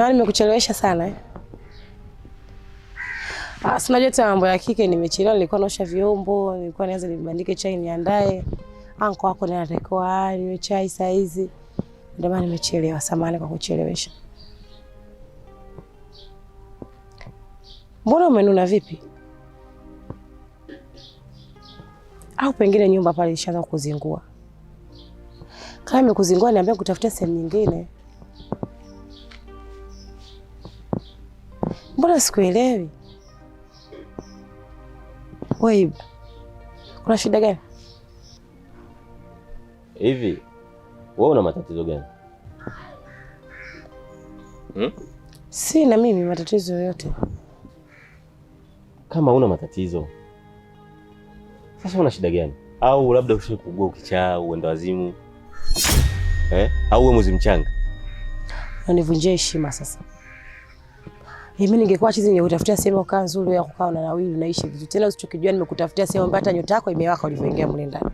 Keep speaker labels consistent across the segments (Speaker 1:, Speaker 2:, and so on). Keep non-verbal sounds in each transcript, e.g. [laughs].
Speaker 1: Na nimekuchelewesha sana eh? Ah, si unajua mambo ya kike, nimechelewa, nilikuwa naosha vyombo, nilikuwa nianze nibandike chai niandae. Anko wako naye atakuwa chai saa hizi. Ndio maana nimechelewa, samahani kwa kuchelewesha. Mbona umenuna vipi? Au pengine nyumba pale ilishaanza kuzingua. Kama imekuzingua, niambia kutafuta sehemu nyingine. Mbona sikuelewi? Wewe kuna shida gani
Speaker 2: hivi? Wewe una matatizo gani
Speaker 1: hmm? Sina mimi matatizo yoyote.
Speaker 2: Kama una matatizo sasa, una shida gani? Au labda ushawahi ukichaa, uende wazimu eh? Au wewe mwezi mchanga
Speaker 1: unanivunjia heshima sasa Yaani mimi ningekuwa chizi ningekutafutia sehemu ukaa nzuri ya kukaa na nawili naishi vizuri. Tena usichokijua nimekutafutia sehemu ambayo hata nyota yako imewaka ulivyoingia mle ndani.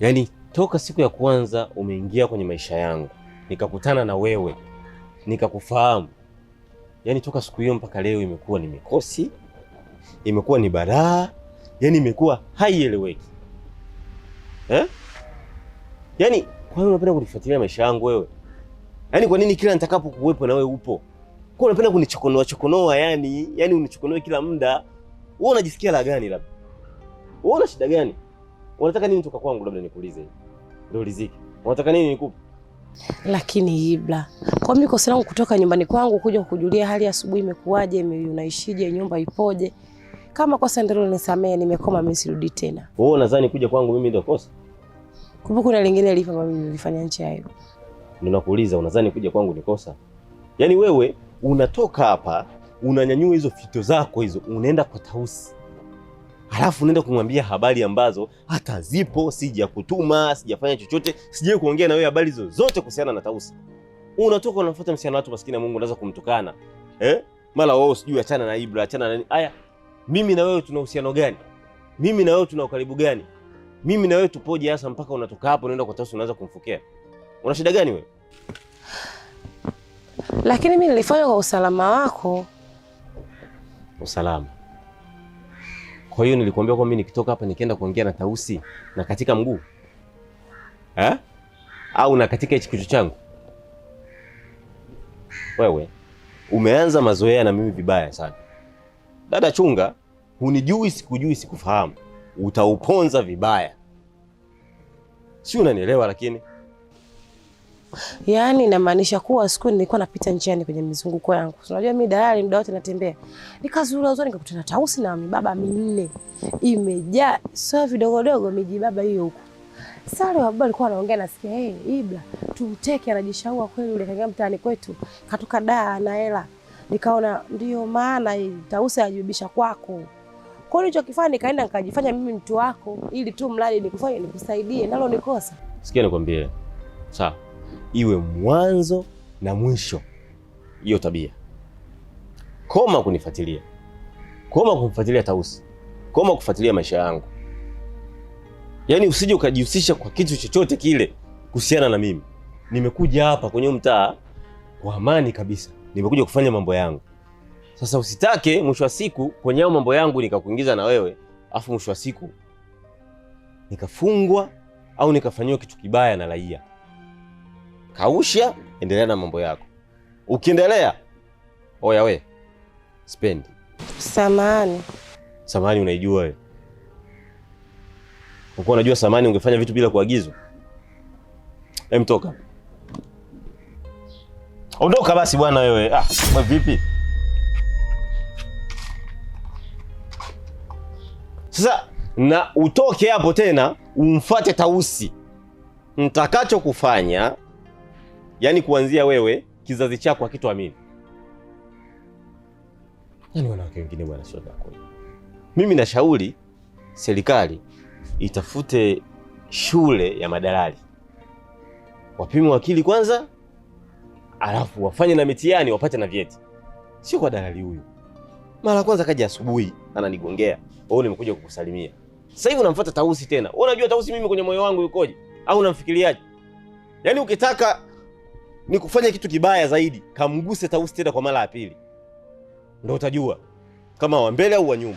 Speaker 2: Yaani toka siku ya kwanza umeingia kwenye maisha yangu, nikakutana na wewe, nikakufahamu. Yaani toka siku hiyo mpaka leo imekuwa ni mikosi, imekuwa ni baraa, yaani imekuwa haieleweki. Eh? Yaani kwa nini unapenda kunifuatilia maisha yangu wewe? Yaani kwa nini kila nitakapokuwepo na wewe upo? Kwa unapenda kunichokonoa chokonoa yani, yani unichokonoe kila muda. Wewe unajisikia la gani labda? Wewe una shida gani? Unataka nini kutoka kwangu labda nikuulize? Ndio riziki. Unataka nini nikupe?
Speaker 1: Lakini Ibra, kwa mimi kosa langu kutoka nyumbani kwangu kuja kukujulia hali asubuhi imekuwaje, unaishije, nyumba ipoje? Kama kosa ndio nisamee, nimekoma mimi sirudi tena.
Speaker 2: Wewe unadhani kuja kwangu mimi ndio kosa?
Speaker 1: Kumbe kuna lingine lilifanya mimi nilifanya nje hiyo.
Speaker 2: Ninakuuliza, unadhani kuja kwangu ni kosa? Yaani wewe unatoka hapa unanyanyua hizo fito zako hizo, unaenda kwa Tausi, halafu unaenda kumwambia habari ambazo hata zipo, sija kutuma, sijafanya chochote, sijai kuongea na wewe habari zozote kuhusiana na Tausi. Unatoka unafuata msichana watu maskini ya Mungu, unaweza kumtukana eh? Mara wao sijui achana na Ibra, achana na haya. mimi na wewe tuna uhusiano gani? Mimi na wewe tuna ukaribu gani? Mimi na wewe tupoje hasa mpaka unatoka hapo unaenda kwa Tausi unaanza kumfukia? Una shida gani wewe?
Speaker 1: lakini mi nilifanya kwa usalama wako.
Speaker 2: Usalama? Kwa hiyo nilikuambia kwamba mi nikitoka hapa nikienda kuongea na Tausi na katika mguu eh? au na katika hichi kichwa changu? Wewe umeanza mazoea na mimi vibaya sana dada. Chunga, hunijui, sikujui, sikufahamu, utauponza vibaya, si unanielewa? Lakini
Speaker 1: Yaani inamaanisha kuwa siku nilikuwa napita njiani kwenye mizunguko yangu. Unajua mimi dalali muda wote natembea. Nikazuru uzuri nikakutana tausi na mibaba minne. Imejaa sio vidogodogo mijibaba hiyo huko. Sare wa baba alikuwa anaongea nasikia, "Eh, hey, Ibra, tumteke anajishaua kweli yule kanga mtaani kwetu. Katoka daa na hela." Nikaona ndio maana hii tausi ajibisha kwako. Kwa hiyo nilichokifanya nikaenda nikajifanya mimi mtu wako ili tu mradi nikufanye nikusaidie nalo nikosa.
Speaker 2: Sikia nikwambie. Sawa iwe mwanzo na mwisho hiyo tabia. Koma kunifuatilia, koma kumfuatilia Tausi, koma kufuatilia maisha yangu. Yaani usije ukajihusisha kwa kitu chochote kile kuhusiana na mimi. Nimekuja hapa kwenye mtaa kwa amani kabisa, nimekuja kufanya mambo yangu. Sasa usitake mwisho wa siku kwenye hayo mambo yangu nikakuingiza na wewe, afu mwisho wa siku nikafungwa au nikafanyiwa kitu kibaya na raia kausha, endelea na mambo yako. Ukiendelea oya, we spendi
Speaker 1: samani.
Speaker 2: Samani unaijua we? Ukuwa unajua samani, ungefanya vitu bila kuagizwa? Emtoka, ondoka basi bwana wewe. Ah, vipi sasa? Na utoke hapo tena umfate Tausi, mtakachokufanya yaani kuanzia wewe kizazi chako hakitoamini. Yaani wanawake wengine bwana, sio wako. Mimi nashauri serikali itafute shule ya madalali, wapime wakili kwanza, alafu wafanye na mitihani, wapate na vyeti. Sio kwa dalali huyu, mara kwanza kaja asubuhi ananigongea, wewe nimekuja kukusalimia. Sasa hivi unamfuata Tausi tena. Wewe unajua Tausi mimi kwenye moyo wangu yukoje au unamfikiriaje? Yaani ukitaka ni kufanya kitu kibaya zaidi, kamguse Tausi tena kwa mara ya pili, ndo utajua kama wa mbele au wa nyuma.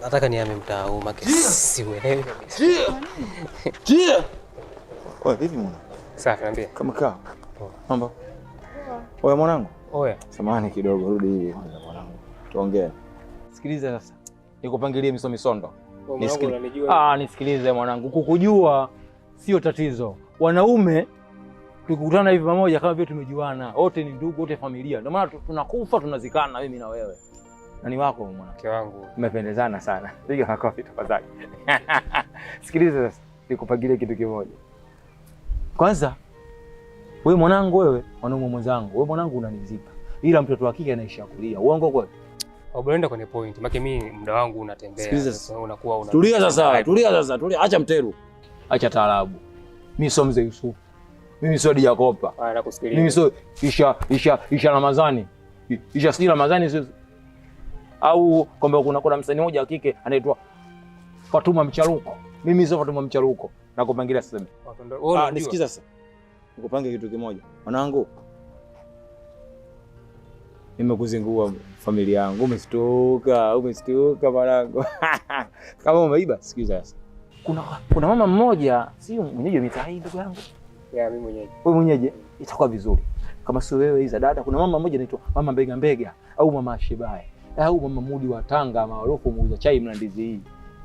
Speaker 3: Nataka niame mtaa huu make siuelewi. Safi, niambie
Speaker 2: kama kaa. Mambo. Oya mwanangu. Oya. Samahani kidogo, rudi hivi kwanza mwanangu. Tuongee.
Speaker 3: Sikiliza sasa,
Speaker 2: nikupangilie miso misondo.
Speaker 3: Ah, nisikilize mwanangu, kukujua sio tatizo. Wanaume tukikutana hivi pamoja kama vile tumejuana, wote ni ndugu, wote familia. Ndio maana tunakufa tunazikana, mimi na wewe. Nani wako mwanamke wangu, mmependezana sana. Piga makofi tafadhali. [laughs] Sikiliza sasa, nikupangilie kitu kimoja. Kwanza wewe mwanangu, wewe mwanaume mwenzangu, wewe mwanangu unanizipa, ila mtoto wa kike anaisha kulia. Uongo kweli?
Speaker 4: Unaenda kwenye point. Maki mimi muda wangu unatembea.
Speaker 3: Sikiliza, sasa, unakuwa una. Tulia sasa, tulia sasa, tulia. Acha mteru. Acha taarabu. Mimi sio mzee Yusuf. Mimi sio Diakopa. Ah, nakusikiliza. Mimi sio Isha Isha Isha Ramadhani. Isha si Ramadhani sio au kwamba kuna kuna msanii mmoja wa kike anaitwa Fatuma Mcharuko. Mimi sio Fatuma Mcharuko. Nakupangilia sasa. Ah, nisikiza sasa. Nikupange kitu kimoja. Mwanangu, nimekuzingua familia yangu, umeshtuka, umeshtuka mwanangu. [laughs] kama umeiba, sikiza sasa. Kuna, kuna mama mmoja, si mwenyeji wa mitaa hii ndugu yangu? Ya, mimi mwenyeji. Wewe mwenyeji, itakuwa vizuri kama sio wewe hizo dada. Kuna mama mmoja anaitwa mama mbega mbega au mama Shebae au mama Mudi wa Tanga maarufu muuza chai ndizi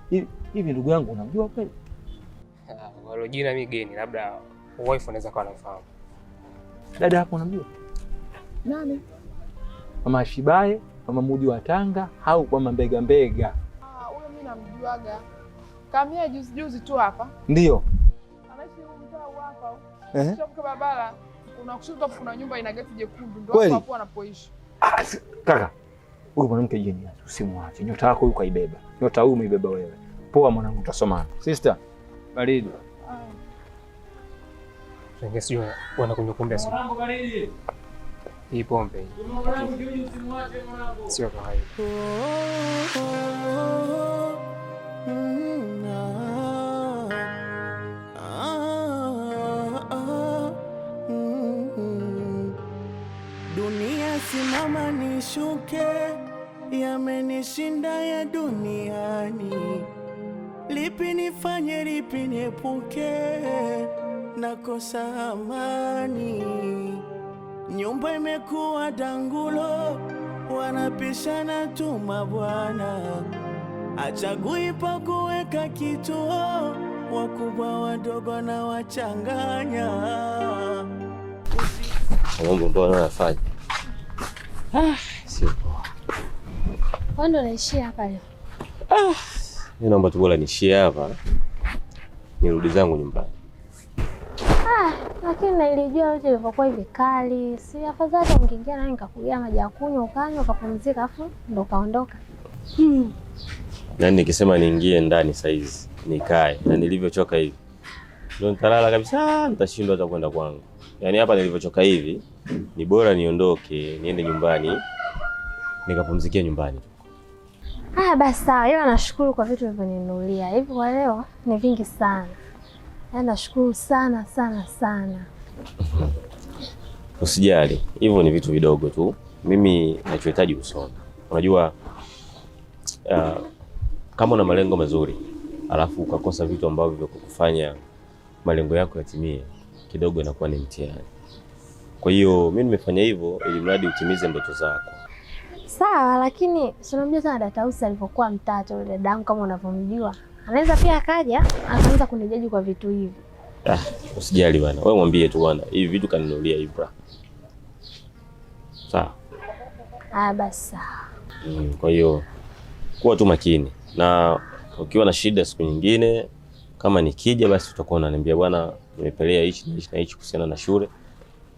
Speaker 3: hii Hivi ndugu yangu, unamjua kweli?
Speaker 4: Ah, walo jina mimi geni, labda wife anaweza kuwa anafahamu.
Speaker 3: Dada hapo unamjua nani? Mama Shibae, Mama Mudi wa Tanga au Mama Mbega Mbega.
Speaker 5: Ah, huyo mimi namjuaga. Kamia juzi juzi tu hapa. Ndio. Anaishi mtaa hapa. Eh. Sio barabara. Kuna kushoto kuna nyumba ina geti jekundu ndio hapo anapoishi.
Speaker 3: Ah, kaka. Huyu mwanamke jeni, usimwache. Nyota yako huyu kaibeba. Nyota huyu umeibeba wewe. Poa mwanangu,
Speaker 2: tutasomana. Sister, baridi.
Speaker 4: Ah. Sio wanakunywa kumbe
Speaker 6: Mwanangu baridi.
Speaker 4: Hii pombe sio kawaida. Dunia simama nishuke, yamenishinda ya duniani. Lipi nifanye,
Speaker 2: lipi niepuke, nakosa amani nyumba imekuwa dangulo, wanapishana tu mabwana, achagui pa kuweka kituo, wakubwa wadogo na wachanganya mambo ambayo wanayofanya ah. sio
Speaker 7: poa. naishia hapa leo. Ah,
Speaker 2: naomba tu bora niishie hapa nirudi zangu nyumbani
Speaker 7: lakini nailijua yote ilivyokuwa hivi kali, si afadhali ungeingia nani nikakulia maji ya kunywa ukanywa ukapumzika, afu ndo kaondoka. Hmm.
Speaker 2: Nani nikisema niingie ndani saizi nikae na nilivyochoka hivi ndo nitalala kabisa, ah, nitashindwa hata kwenda kwangu. Yaani hapa nilivyochoka hivi ni bora niondoke niende nyumbani nikapumzikia nyumbani.
Speaker 7: Ah, basi, sawa. Ila nashukuru kwa vitu ulivyoninunulia hivi kwa leo, ni vingi sana. Yaani nashukuru sana sana sana.
Speaker 2: Usijali, hivyo ni vitu vidogo tu. Mimi nachohitaji usoma, Unajua uh, kama una malengo mazuri alafu ukakosa vitu ambavyo vya kukufanya malengo yako yatimie, kidogo inakuwa ni mtihani. Kwa hiyo mimi nimefanya hivyo ili mradi utimize ndoto zako.
Speaker 7: Sawa, lakini unamjua sana Dada Tausi alivyokuwa mtoto, dada kama unavyomjua anaweza pia akaja akaanza kunijaji kwa vitu hivi.
Speaker 2: Ah, usijali bwana, wewe mwambie tu bwana, hivi vitu kaninulia hivi bra. Sawa.
Speaker 7: Ah, basi sawa.
Speaker 2: Mm, kwa hiyo kuwa tu makini na ukiwa na shida siku nyingine kama nikija basi utakuwa unaniambia bwana, nimepelea hichi na hichi na hichi kuhusiana na shule.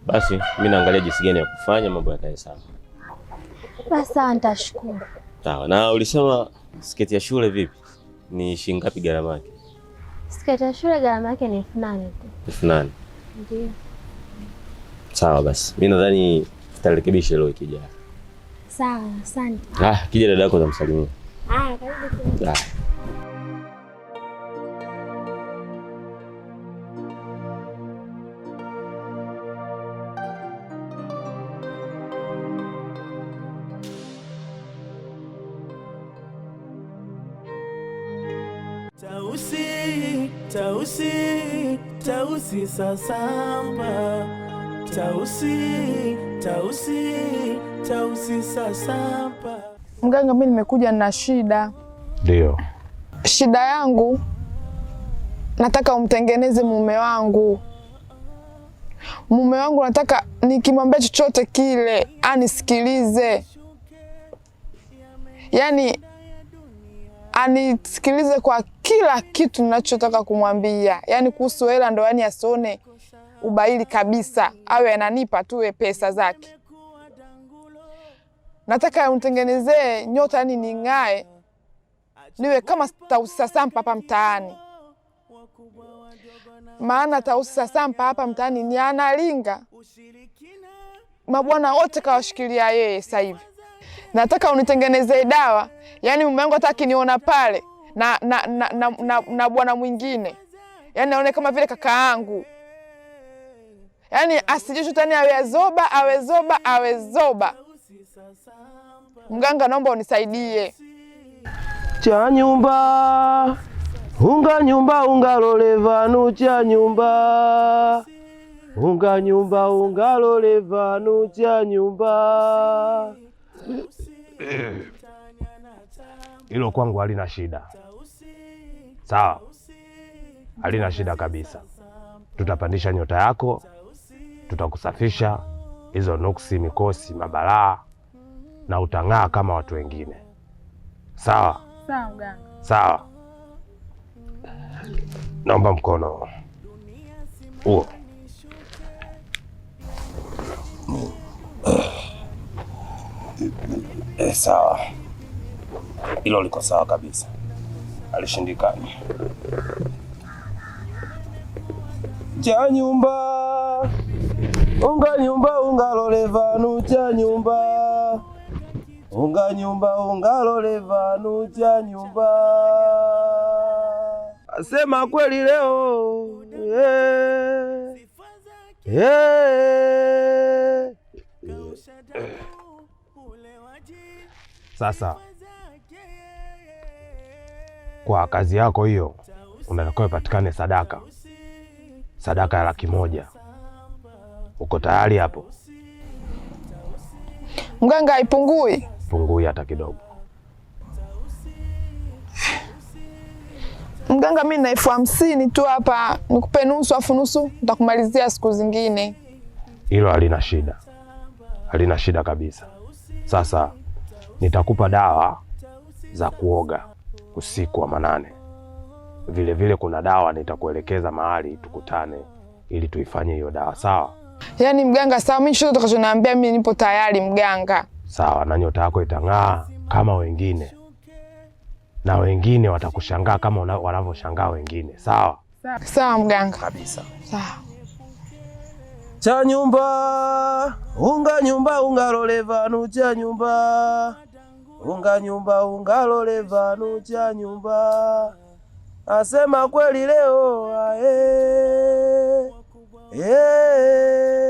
Speaker 2: Basi mimi naangalia jinsi gani ya kufanya mambo yakae sawa.
Speaker 7: Basi sawa, nitashukuru.
Speaker 2: Sawa. Na ulisema sketi ya shule vipi? ni shilingi ngapi gharama yake?
Speaker 7: Sketi ya shule gharama yake ni elfu nane tu.
Speaker 2: elfu nane Ndio. Sawa basi, Mimi nadhani tutarekebisha leo ikija.
Speaker 7: Sawa, asante.
Speaker 2: Ah, kija dada yako utamsalimia.
Speaker 7: Ah, karibu. Ah.
Speaker 8: Tausi, Tausi, Tausi, Tausi sasampa. Mganga, mimi nimekuja na shida. Ndio. Shida yangu nataka umtengeneze mume wangu. Mume wangu nataka nikimwambia chochote kile anisikilize. Yaani anisikilize kwa kila kitu ninachotaka kumwambia, yaani kuhusu hela, ndo yaani asione ubaili kabisa, awe ananipa tu pesa zake. Nataka unitengenezee nyota, yani ning'ae, niwe kama Tausi Sasampa hapa mtaani. Maana Tausi Sasampa hapa mtaani ni analinga, mabwana wote kawashikilia yeye sasa hivi nataka unitengenezee dawa, yaani mume wangu hata akiniona pale na, na, na, na, na, na bwana mwingine, yaani naone kama vile kaka yangu, yaani shetani awe zoba awe zoba awe zoba. Mganga, naomba unisaidie. cha nyumba unga nyumba vanu cha nyumba
Speaker 2: unga nyumba vanu cha nyumba hilo kwangu halina shida. Sawa, halina shida kabisa. Tutapandisha nyota yako, tutakusafisha hizo nuksi, mikosi, mabalaa na utang'aa kama watu wengine. Sawa sawa, Sawa, naomba mkono huo. Eh, sawa, hilo liko sawa kabisa, alishindikani Cha nyumba unga nyumba ungalolevanu nucha nyumba unga nyumba ungalolevanu nucha nyumba asema kweli leo yeah. Yeah. Sasa kwa kazi yako hiyo, unatakiwa ipatikane sadaka, sadaka ya laki moja. Uko tayari hapo?
Speaker 8: Mganga, haipungui
Speaker 2: pungui hata kidogo.
Speaker 8: Mganga, mi na elfu hamsini tu hapa, nikupe nusu afu nusu nitakumalizia siku zingine.
Speaker 2: Hilo halina shida, halina shida kabisa. Sasa nitakupa dawa za kuoga usiku wa manane. Vilevile vile kuna dawa nitakuelekeza mahali tukutane, ili tuifanye hiyo dawa. Sawa?
Speaker 8: Yaani mganga, sawa. Mimi chochote utakachoniambia mimi nipo tayari mganga.
Speaker 2: Sawa, na nyota yako itang'aa kama wengine, na wengine watakushangaa kama wanavyoshangaa wengine. Sawa?
Speaker 8: Sawa mganga, kabisa. Sawa. cha nyumba unga nyumba unga roleva cha nyumba unga nyumba ungalole vanu cha nyumba, asema kweli leo ae, ae.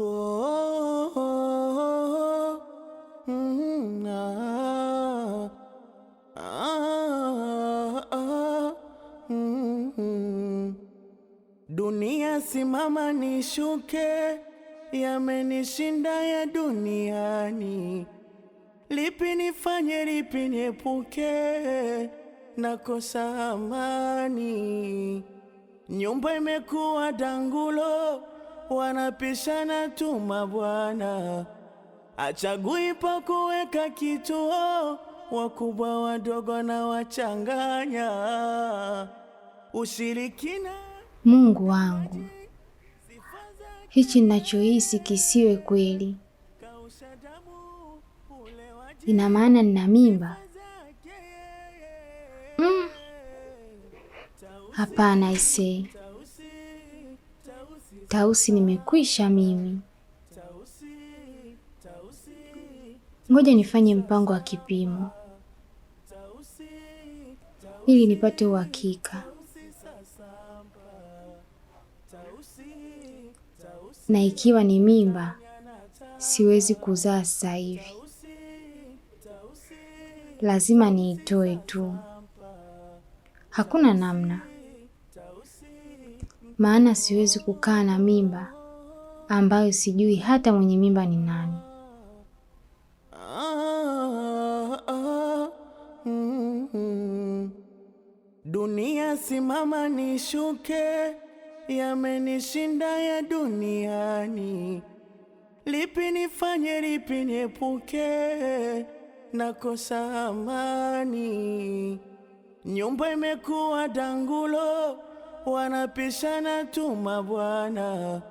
Speaker 8: Oh, oh, oh. Mm,
Speaker 9: Dunia simama nishuke, yamenishinda ya duniani lipi nifanye, lipi niepuke, nakosa amani. Nyumba imekuwa dangulo, wanapishana tuma bwana achagui pa kuweka kituo, wakubwa wadogo na wachanganya ushirikina. Mungu wangu, hichi ninachohisi kisiwe kweli ina maana nina mimba? Mm. Hapana ise, Tausi nimekwisha mimi. Ngoja nifanye mpango wa kipimo ili nipate uhakika. Na ikiwa ni mimba, siwezi kuzaa sasa hivi lazima niitoe tu, hakuna namna, maana siwezi kukaa na mimba ambayo sijui hata mwenye mimba ni nani. Dunia simama nishuke, yamenishinda ya duniani, lipi nifanye, lipi niepuke nakosa amani, nyumba imekuwa dangulo, wanapishana tu mabwana,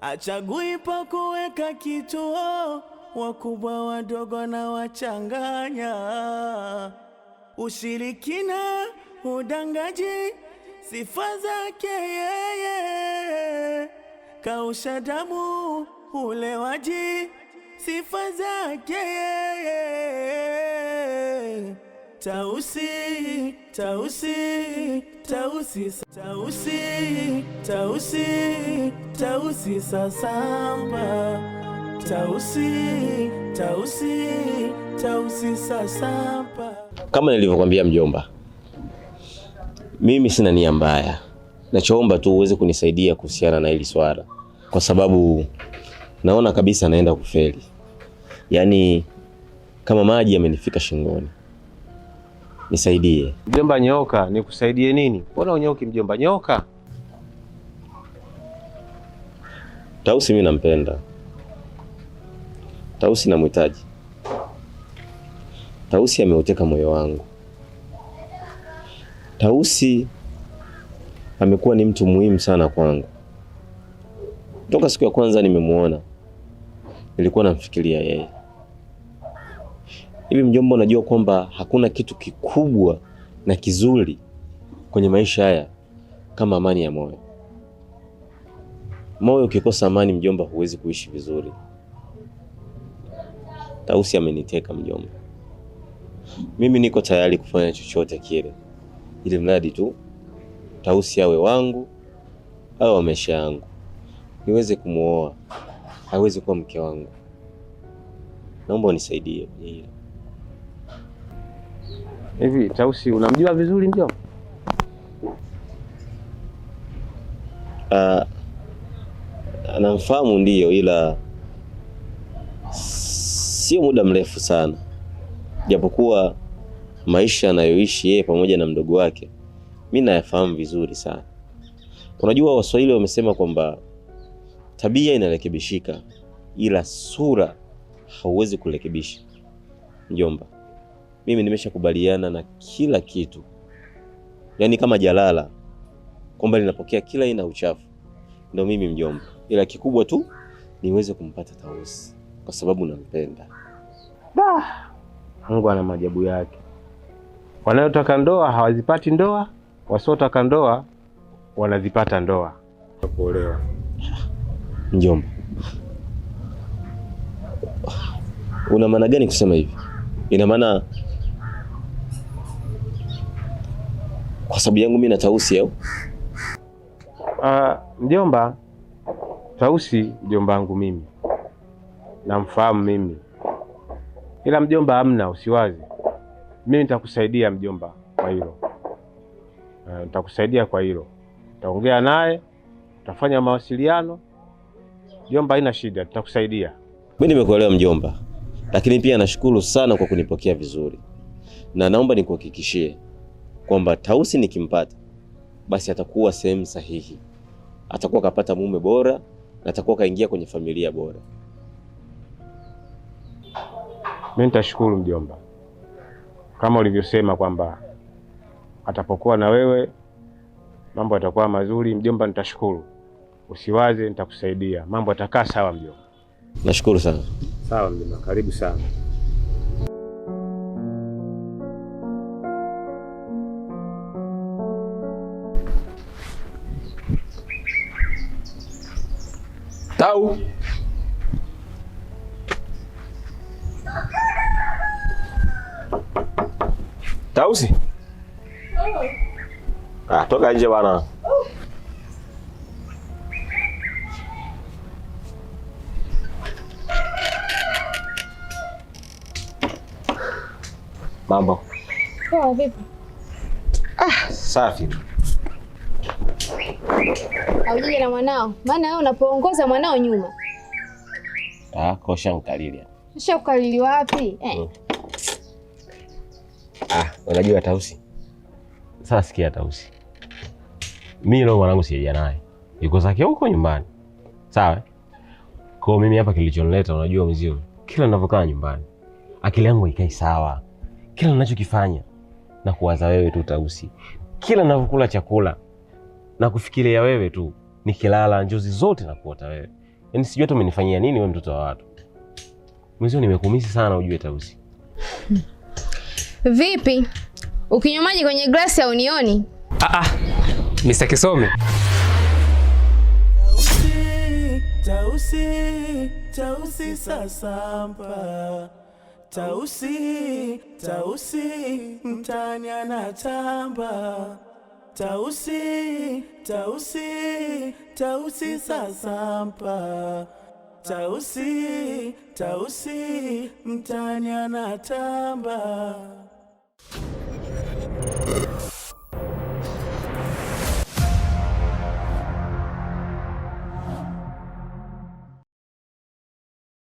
Speaker 9: achagui pa kuweka kituo, wakubwa wadogo na
Speaker 2: wachanganya, ushirikina udangaji sifa zake yeye, kausha damu ulewaji sifa zake yeye. Tausi, Tausi, Tausi, Tausi, Tausi, Tausi sasamba Tausi, Tausi, Tausi sasamba. Kama nilivyokuambia mjomba, mimi sina nia mbaya, nachoomba tu uweze kunisaidia kuhusiana na hili swala, kwa sababu naona kabisa naenda kufeli yaani kama maji yamenifika shingoni. Nisaidie
Speaker 3: mjomba. Nyoka nikusaidie nini? Mbona unyoki mjomba? Nyoka
Speaker 2: Tausi mimi nampenda Tausi, namhitaji Tausi, ameuteka moyo wangu. Tausi amekuwa ni mtu muhimu sana kwangu. Toka siku ya kwanza nimemwona, nilikuwa namfikiria yeye. Hivi mjomba, unajua kwamba hakuna kitu kikubwa na kizuri kwenye maisha haya kama amani ya moyo. Moyo ukikosa amani, mjomba, huwezi kuishi vizuri. Tausi ameniteka mjomba, mimi niko tayari kufanya chochote kile, ili mradi tu Tausi awe wangu au wa maisha yangu, niweze kumwoa. Hawezi kuwa mke wangu, naomba unisaidie kwenye hilo.
Speaker 3: Hivi Tausi unamjua vizuri ndio?
Speaker 2: Uh, namfahamu ndiyo, ila sio muda mrefu sana, japokuwa maisha anayoishi yeye pamoja na mdogo wake mi nayafahamu vizuri sana. Unajua Waswahili wamesema kwamba tabia inarekebishika, ila sura hauwezi kurekebisha. Mjomba, mimi nimeshakubaliana na kila kitu, yaani kama jalala kwamba linapokea kila aina uchafu. Ndio mimi mjomba, ila kikubwa tu niweze kumpata Tausi kwa sababu nampenda.
Speaker 3: Mungu ana majabu yake. Wanayotaka ndoa hawazipati ndoa, wasiotaka ndoa wanazipata ndoa kuolewa.
Speaker 2: Mjomba, una maana gani kusema hivi? Ina maana kwa sababu yangu mimi na Tausi au?
Speaker 3: Uh, mjomba Tausi, mjomba wangu mimi namfahamu mimi, ila mjomba, hamna usiwazi, mimi nitakusaidia mjomba kwa hilo. Uh, nitakusaidia kwa hilo, nitaongea naye, tutafanya mawasiliano mjomba, haina shida, tutakusaidia.
Speaker 2: Mimi nimekuelewa mjomba, lakini pia nashukuru sana kwa kunipokea vizuri, na naomba nikuhakikishie kwamba Tausi nikimpata basi atakuwa sehemu sahihi, atakuwa kapata mume bora na atakuwa kaingia kwenye familia bora.
Speaker 3: Mimi nitashukuru mjomba, kama ulivyosema kwamba atapokuwa na wewe mambo yatakuwa mazuri. Mjomba, nitashukuru, usiwaze, nitakusaidia, mambo yatakaa sawa mjomba. Nashukuru sana. Sawa mjomba, karibu sana.
Speaker 2: nje bana. Mambo oh, vipi? Ah, safi.
Speaker 7: Aujije na mwanao, maana wewe unapoongoza mwanao nyuma
Speaker 2: ah, kosha mkalilia
Speaker 7: sha ukalili wapi eh? hmm.
Speaker 2: Ah, unajua Tausi sasa, sikia Tausi mimi leo mwanangu sijaja naye, yuko zake huko nyumbani. Sawa. Kwa mimi hapa kilichonileta, unajua mzio, kila ninavyokaa nyumbani akili yangu haikai sawa. Kila ninachokifanya na kuwaza wewe tu Tausi, kila ninavyokula chakula na kufikiria wewe tu, nikilala njozi zote na kuota wewe. Yani sijui hata umenifanyia nini wewe, mtoto wa watu. Mzio, nimekumisi sana, ujue Tausi. Hmm.
Speaker 7: Vipi, ukinywa maji kwenye glasi au unioni?
Speaker 2: Ah ah Mr. Kisome. Tausi, Tausi, Tausi sasampa. Tausi, Tausi, mtani anatamba. Tausi, Tausi, Tausi sasampa. Tausi, Tausi, mtani anatamba.